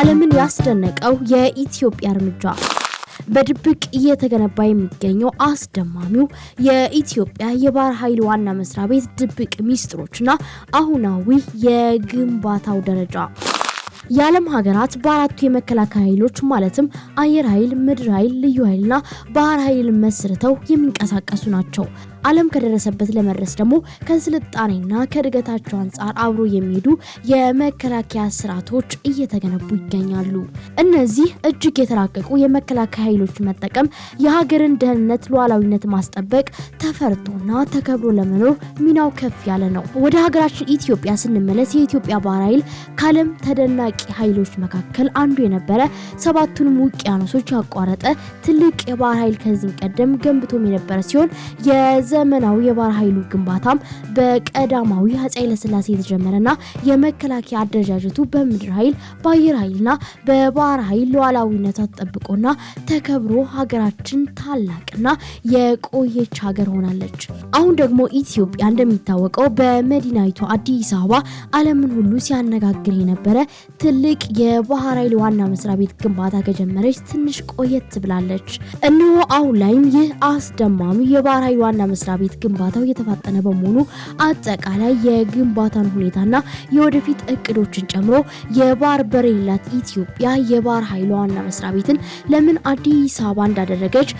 ዓለምን ያስደነቀው የኢትዮጵያ እርምጃ በድብቅ እየተገነባ የሚገኘው አስደማሚው የኢትዮጵያ የባህር ኃይል ዋና መስሪያ ቤት ድብቅ ሚስጥሮችና አሁናዊ የግንባታው ደረጃ የዓለም ሀገራት በአራቱ የመከላከያ ኃይሎች ማለትም አየር ኃይል፣ ምድር ኃይል፣ ልዩ ኃይልና ባህር ኃይል መስርተው የሚንቀሳቀሱ ናቸው። ዓለም ከደረሰበት ለመድረስ ደግሞ ከስልጣኔና ከእድገታቸው አንጻር አብሮ የሚሄዱ የመከላከያ ስርዓቶች እየተገነቡ ይገኛሉ። እነዚህ እጅግ የተራቀቁ የመከላከያ ኃይሎች መጠቀም የሀገርን ደህንነት፣ ሉዓላዊነት ማስጠበቅ ተፈርቶና ተከብሮ ለመኖር ሚናው ከፍ ያለ ነው። ወደ ሀገራችን ኢትዮጵያ ስንመለስ የኢትዮጵያ ባህር ኃይል ከዓለም ተደናቂ ኃይሎች መካከል አንዱ የነበረ ሰባቱንም ውቅያኖሶች ያቋረጠ ትልቅ የባህር ኃይል ከዚህም ቀደም ገንብቶም የነበረ ሲሆን ዘመናዊ የባህር ኃይሉ ግንባታም በቀዳማዊ አፄ የተጀመረ የተጀመረና የመከላከያ አደረጃጀቱ በምድር ኃይል በአየር ኃይልና በባህር ኃይል ሉዓላዊነቷ ተጠብቆና ተከብሮ ሀገራችን ታላቅና የቆየች ሀገር ሆናለች። አሁን ደግሞ ኢትዮጵያ እንደሚታወቀው በመዲናይቱ አዲስ አበባ ዓለምን ሁሉ ሲያነጋግር የነበረ ትልቅ የባህር ኃይል ዋና መስሪያ ቤት ግንባታ ከጀመረች ትንሽ ቆየት ብላለች። እነሆ አሁን ላይም ይህ አስደማሚ የባህር ኃይል ዋና መስሪያ ቤት ግንባታው የተፋጠነ በመሆኑ አጠቃላይ የግንባታን ሁኔታና የወደፊት እቅዶችን ጨምሮ የባህር በር የሌላት ኢትዮጵያ የባህር ኃይል ዋና መስሪያ ቤትን ለምን አዲስ አበባ እንዳደረገች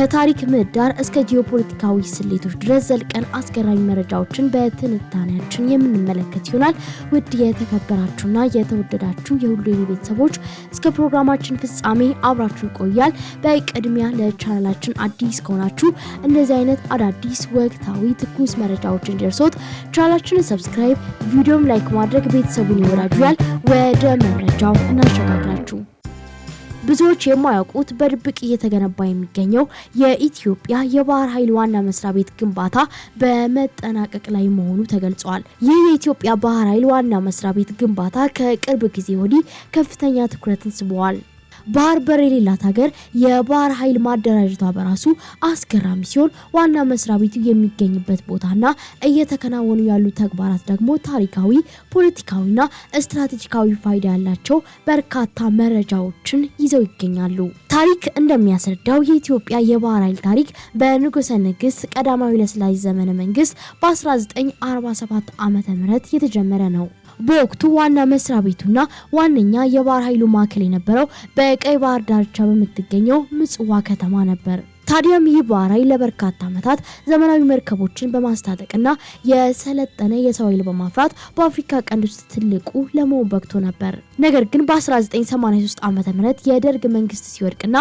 ከታሪክ ምህዳር እስከ ጂኦፖለቲካዊ ስሌቶች ድረስ ዘልቀን አስገራሚ መረጃዎችን በትንታኔያችን የምንመለከት ይሆናል። ውድ የተከበራችሁና የተወደዳችሁ የሁሉ ቤተሰቦች እስከ ፕሮግራማችን ፍጻሜ አብራችሁ ይቆያል። በቅድሚያ ለቻናላችን አዲስ ከሆናችሁ እንደዚህ አይነት አዳዲስ ወቅታዊ ትኩስ መረጃዎች ደርሶት ቻናላችንን ሰብስክራይብ፣ ቪዲዮም ላይክ ማድረግ ቤተሰቡን ይወዳጁያል። ወደ መረጃው እናሸጋግራችሁ። ብዙዎች የማያውቁት በድብቅ እየተገነባ የሚገኘው የኢትዮጵያ የባህር ኃይል ዋና መስሪያ ቤት ግንባታ በመጠናቀቅ ላይ መሆኑ ተገልጿል። ይህ የኢትዮጵያ ባህር ኃይል ዋና መስሪያ ቤት ግንባታ ከቅርብ ጊዜ ወዲህ ከፍተኛ ትኩረትን ስበዋል። ባህር በር የሌላት ሀገር የባህር ኃይል ማደራጀቷ በራሱ አስገራሚ ሲሆን ዋና መስሪያ ቤቱ የሚገኝበት ቦታና እየተከናወኑ ያሉ ተግባራት ደግሞ ታሪካዊ፣ ፖለቲካዊና ስትራቴጂካዊ ፋይዳ ያላቸው በርካታ መረጃዎችን ይዘው ይገኛሉ። ታሪክ እንደሚያስረዳው የኢትዮጵያ የባህር ኃይል ታሪክ በንጉሰ ንግስት ቀዳማዊ ኃይለ ሥላሴ ዘመነ መንግስት በ1947 ም የተጀመረ ነው። በወቅቱ ዋና መስሪያ ቤቱና ዋነኛ የባህር ኃይሉ ማዕከል የነበረው በቀይ ባህር ዳርቻ በምትገኘው ምጽዋ ከተማ ነበር። ታዲያም ይህ ባህራይ ለበርካታ ዓመታት ዘመናዊ መርከቦችን በማስታጠቅና የሰለጠነ የሰው ኃይል በማፍራት በአፍሪካ ቀንድ ውስጥ ትልቁ ለመሆን በቅቶ ነበር። ነገር ግን በ1983 ዓ ም የደርግ መንግስት ሲወድቅና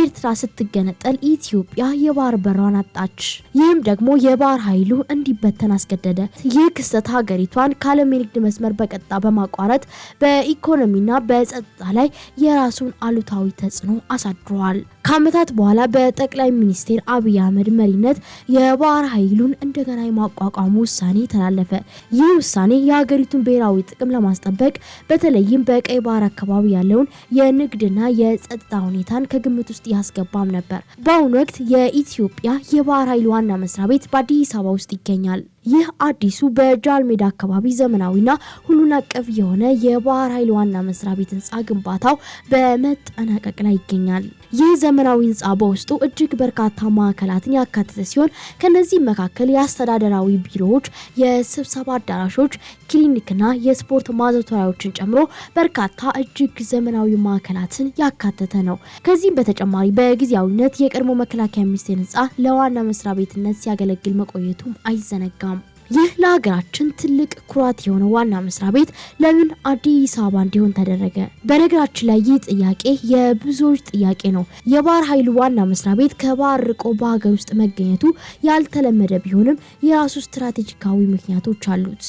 ኤርትራ ስትገነጠል ኢትዮጵያ የባህር በሯን አጣች። ይህም ደግሞ የባህር ኃይሉ እንዲበተን አስገደደ። ይህ ክስተት ሀገሪቷን ከዓለም የንግድ መስመር በቀጥታ በማቋረጥ በኢኮኖሚና በጸጥታ ላይ የራሱን አሉታዊ ተጽዕኖ አሳድሯል። ከዓመታት በኋላ በጠቅላይ ሚኒስትር አብይ አህመድ መሪነት የባህር ኃይሉን እንደገና የማቋቋሙ ውሳኔ ተላለፈ። ይህ ውሳኔ የሀገሪቱን ብሔራዊ ጥቅም ለማስጠበቅ በተለይም በቀይ ባህር አካባቢ ያለውን የንግድና የጸጥታ ሁኔታን ከግምት ውስጥ ያስገባም ነበር። በአሁኑ ወቅት የኢትዮጵያ የባህር ኃይል ዋና መስሪያ ቤት በአዲስ አበባ ውስጥ ይገኛል። ይህ አዲሱ በጃል ሜዳ አካባቢ ዘመናዊና ሁሉን አቀፍ የሆነ የባህር ኃይል ዋና መስሪያ ቤት ህንፃ ግንባታው በመጠናቀቅ ላይ ይገኛል። ይህ ዘመናዊ ህንፃ በውስጡ እጅግ በርካታ ማዕከላትን ያካተተ ሲሆን ከነዚህ መካከል የአስተዳደራዊ ቢሮዎች፣ የስብሰባ አዳራሾች፣ ክሊኒክና የስፖርት ማዘውተሪያዎችን ጨምሮ በርካታ እጅግ ዘመናዊ ማዕከላትን ያካተተ ነው። ከዚህም በተጨማሪ በጊዜያዊነት የቀድሞ መከላከያ ሚኒስቴር ህንፃ ለዋና መስሪያ ቤትነት ሲያገለግል መቆየቱም አይዘነጋም። ይህ ለሀገራችን ትልቅ ኩራት የሆነ ዋና መስሪያ ቤት ለምን አዲስ አበባ እንዲሆን ተደረገ? በነገራችን ላይ ይህ ጥያቄ የብዙዎች ጥያቄ ነው። የባህር ኃይሉ ዋና መስሪያ ቤት ከባህር ርቆ በሀገር ውስጥ መገኘቱ ያልተለመደ ቢሆንም የራሱ ስትራቴጂካዊ ምክንያቶች አሉት።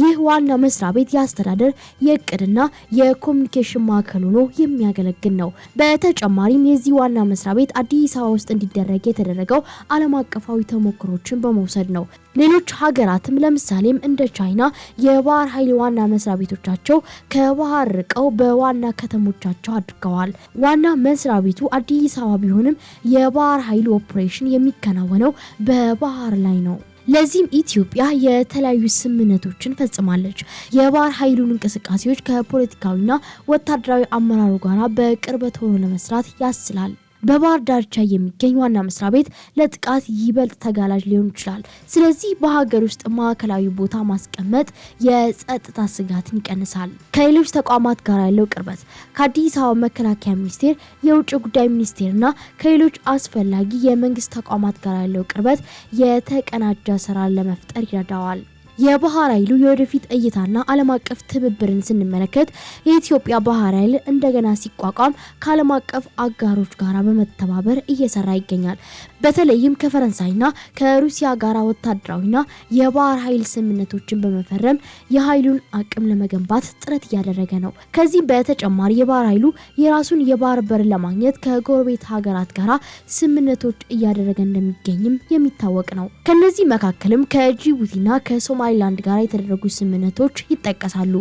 ይህ ዋና መስሪያ ቤት የአስተዳደር የእቅድና የኮሚኒኬሽን ማዕከል ሆኖ የሚያገለግል ነው። በተጨማሪም የዚህ ዋና መስሪያ ቤት አዲስ አበባ ውስጥ እንዲደረግ የተደረገው ዓለም አቀፋዊ ተሞክሮችን በመውሰድ ነው። ሌሎች ሀገራትም ለምሳሌም እንደ ቻይና የባህር ኃይል ዋና መስሪያ ቤቶቻቸው ከባህር ርቀው በዋና ከተሞቻቸው አድርገዋል። ዋና መስሪያ ቤቱ አዲስ አበባ ቢሆንም የባህር ኃይል ኦፕሬሽን የሚከናወነው በባህር ላይ ነው። ለዚህም ኢትዮጵያ የተለያዩ ስምምነቶችን ፈጽማለች። የባህር ኃይሉን እንቅስቃሴዎች ከፖለቲካዊና ወታደራዊ አመራሩ ጋር በቅርበት ሆኖ ለመስራት ያስችላል። በባህር ዳርቻ የሚገኝ ዋና መስሪያ ቤት ለጥቃት ይበልጥ ተጋላጅ ሊሆን ይችላል። ስለዚህ በሀገር ውስጥ ማዕከላዊ ቦታ ማስቀመጥ የጸጥታ ስጋትን ይቀንሳል። ከሌሎች ተቋማት ጋር ያለው ቅርበት ከአዲስ አበባ መከላከያ ሚኒስቴር፣ የውጭ ጉዳይ ሚኒስቴር እና ከሌሎች አስፈላጊ የመንግስት ተቋማት ጋር ያለው ቅርበት የተቀናጀ ስራ ለመፍጠር ይረዳዋል። የባህር ኃይሉ የወደፊት እይታና ዓለም አቀፍ ትብብርን ስንመለከት የኢትዮጵያ ባህር ኃይል እንደገና ሲቋቋም ከዓለም አቀፍ አጋሮች ጋር በመተባበር እየሰራ ይገኛል። በተለይም ከፈረንሳይና ከሩሲያ ጋር ወታደራዊና የባህር ኃይል ስምምነቶችን በመፈረም የኃይሉን አቅም ለመገንባት ጥረት እያደረገ ነው። ከዚህም በተጨማሪ የባህር ኃይሉ የራሱን የባህር በር ለማግኘት ከጎረቤት ሀገራት ጋር ስምምነቶች እያደረገ እንደሚገኝም የሚታወቅ ነው። ከነዚህ መካከልም ከጅቡቲና ከሶማ አይላንድ ጋር የተደረጉ ስምምነቶች ይጠቀሳሉ።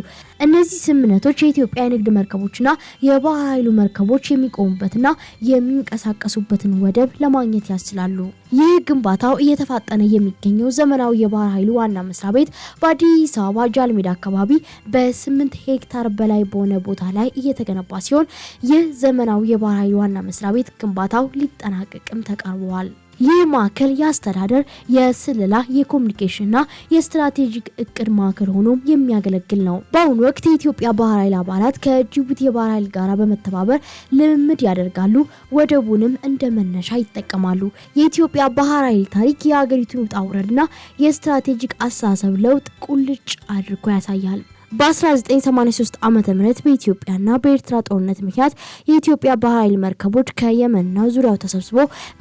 እነዚህ ስምምነቶች የኢትዮጵያ የንግድ መርከቦችና የባህር ኃይሉ መርከቦች የሚቆሙበትና የሚንቀሳቀሱበትን ወደብ ለማግኘት ያስችላሉ። ይህ ግንባታው እየተፋጠነ የሚገኘው ዘመናዊ የባህር ኃይሉ ዋና መስሪያ ቤት በአዲስ አበባ ጃልሜዳ አካባቢ በስምንት ሄክታር በላይ በሆነ ቦታ ላይ እየተገነባ ሲሆን ይህ ዘመናዊ የባህር ኃይሉ ዋና መስሪያ ቤት ግንባታው ሊጠናቀቅም ተቃርበዋል። ይህ ማዕከል የአስተዳደር የስልላ የኮሚኒኬሽንና የስትራቴጂክ እቅድ ማዕከል ሆኖም የሚያገለግል ነው። በአሁኑ ወቅት የኢትዮጵያ ባህር ኃይል አባላት ከጅቡቲ የባህር ኃይል ጋር በመተባበር ልምምድ ያደርጋሉ። ወደቡንም እንደ መነሻ ይጠቀማሉ። የኢትዮጵያ ባህር ኃይል ታሪክ የሀገሪቱን ውጣ ውረድና የስትራቴጂክ አስተሳሰብ ለውጥ ቁልጭ አድርጎ ያሳያል። በ1983 ዓ ም በኢትዮጵያና በኤርትራ ጦርነት ምክንያት የኢትዮጵያ በኃይል መርከቦች ከየመንና ዙሪያው ተሰብስቦ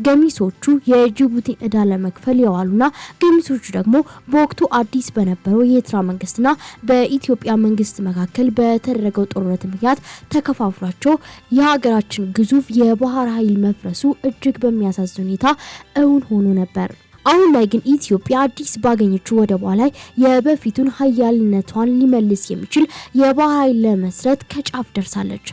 ገሚሶቹ የጅቡቲ እዳ ለመክፈል የዋሉና ገሚሶቹ ደግሞ በወቅቱ አዲስ በነበረው የኤርትራ መንግስትና በኢትዮጵያ መንግስት መካከል በተደረገው ጦርነት ምክንያት ተከፋፍሏቸው የሀገራችን ግዙፍ የባህር ኃይል መፍረሱ እጅግ በሚያሳዝን ሁኔታ እውን ሆኖ ነበር። አሁን ላይ ግን ኢትዮጵያ አዲስ ባገኘችው ወደቧ ላይ የበፊቱን ሀያልነቷን ሊመልስ የሚችል የባህር ኃይል ለመስረት ከጫፍ ደርሳለች።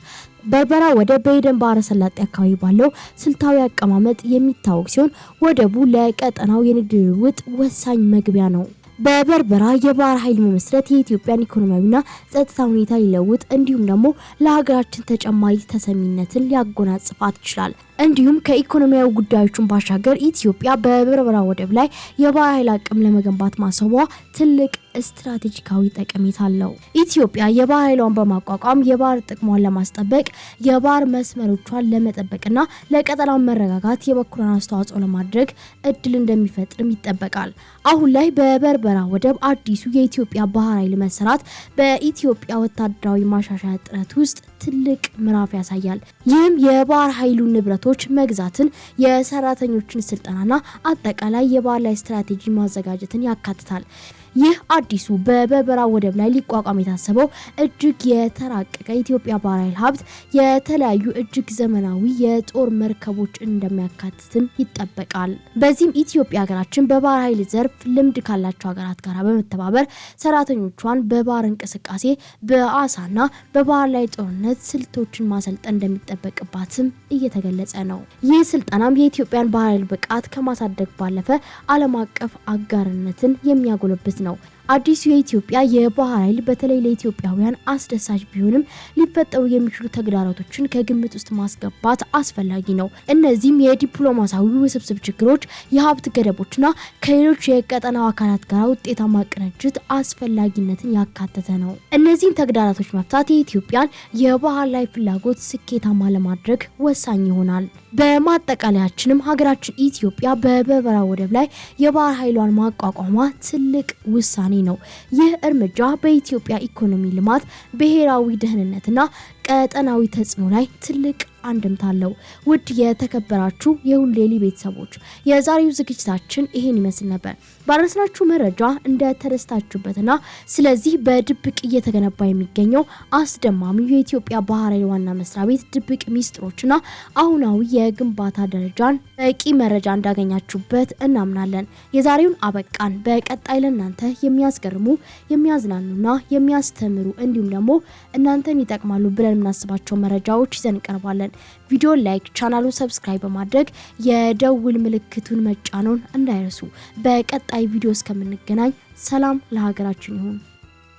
በርበራ ወደብ በኤደን ባህረ ሰላጤ አካባቢ ባለው ስልታዊ አቀማመጥ የሚታወቅ ሲሆን ወደቡ ለቀጠናው የንግድ ልውውጥ ወሳኝ መግቢያ ነው። በበርበራ የባህር ኃይል መመስረት የኢትዮጵያን ኢኮኖሚያዊና ጸጥታ ሁኔታ ሊለውጥ እንዲሁም ደግሞ ለሀገራችን ተጨማሪ ተሰሚነትን ሊያጎናጽፋት ይችላል። እንዲሁም ከኢኮኖሚያዊ ጉዳዮችን ባሻገር ኢትዮጵያ በበርበራ ወደብ ላይ የባህር ኃይል አቅም ለመገንባት ማሰቧ ትልቅ ስትራቴጂካዊ ጠቀሜታ አለው። ኢትዮጵያ የባህር ኃይሏን በማቋቋም የባህር ጥቅሟን ለማስጠበቅ የባህር መስመሮቿን ለመጠበቅና ለቀጠናው መረጋጋት የበኩሏን አስተዋጽኦ ለማድረግ እድል እንደሚፈጥርም ይጠበቃል። አሁን ላይ በበርበራ ወደብ አዲሱ የኢትዮጵያ ባህር ኃይል መሰራት በኢትዮጵያ ወታደራዊ ማሻሻያ ጥረት ውስጥ ትልቅ ምዕራፍ ያሳያል። ይህም የባህር ኃይሉን ንብረቶች መግዛትን፣ የሰራተኞችን ስልጠናና አጠቃላይ የባህር ላይ ስትራቴጂ ማዘጋጀትን ያካትታል። ይህ አዲሱ በበርበራ ወደብ ላይ ሊቋቋም የታሰበው እጅግ የተራቀቀ የኢትዮጵያ ባህር ኃይል ሀብት የተለያዩ እጅግ ዘመናዊ የጦር መርከቦች እንደሚያካትትም ይጠበቃል። በዚህም ኢትዮጵያ ሀገራችን በባህር ኃይል ዘርፍ ልምድ ካላቸው ሀገራት ጋር በመተባበር ሰራተኞቿን በባህር እንቅስቃሴ በአሳና በባህር ላይ ጦርነት ስልቶችን ማሰልጠን እንደሚጠበቅባትም እየተገለጸ ነው። ይህ ስልጠናም የኢትዮጵያን ባህር ኃይል ብቃት ከማሳደግ ባለፈ ዓለም አቀፍ አጋርነትን የሚያጎለብት ነው። አዲሱ የኢትዮጵያ የባህር ኃይል በተለይ ለኢትዮጵያውያን አስደሳች ቢሆንም ሊፈጠሩ የሚችሉ ተግዳሮቶችን ከግምት ውስጥ ማስገባት አስፈላጊ ነው። እነዚህም የዲፕሎማሲያዊ ውስብስብ ችግሮች፣ የሀብት ገደቦችና ከሌሎች የቀጠናው አካላት ጋር ውጤታማ ቅንጅት አስፈላጊነትን ያካተተ ነው። እነዚህን ተግዳሮቶች መፍታት የኢትዮጵያን የባህር ላይ ፍላጎት ስኬታማ ለማድረግ ወሳኝ ይሆናል። በማጠቃለያችንም ሀገራችን ኢትዮጵያ በበርበራ ወደብ ላይ የባህር ኃይሏን ማቋቋሟ ትልቅ ውሳኔ ነው። ይህ እርምጃ በኢትዮጵያ ኢኮኖሚ ልማት፣ ብሔራዊ ደህንነትና ቀጠናዊ ተጽዕኖ ላይ ትልቅ አንድምታ አለው። ውድ የተከበራችሁ የሁሉ ዴይሊ ቤተሰቦች የዛሬው ዝግጅታችን ይሄን ይመስል ነበር። ባረስናችሁ መረጃ እንደተደስታችሁበትና ስለዚህ በድብቅ እየተገነባ የሚገኘው አስደማሚው የኢትዮጵያ ባህር ኃይል ዋና መስሪያ ቤት ድብቅ ሚስጥሮችና አሁናዊ የግንባታ ደረጃን በቂ መረጃ እንዳገኛችሁበት እናምናለን። የዛሬውን አበቃን። በቀጣይ ለእናንተ የሚያስገርሙ የሚያዝናኑና የሚያስተምሩ እንዲሁም ደግሞ እናንተን ይጠቅማሉ ብለን የምናስባቸው መረጃዎች ይዘን እንቀርባለን። ቪዲዮ ላይክ፣ ቻናሉን ሰብስክራይብ በማድረግ የደውል ምልክቱን መጫኖን እንዳይረሱ። በቀጣይ ቪዲዮ እስከምንገናኝ ሰላም ለሀገራችን ይሁን።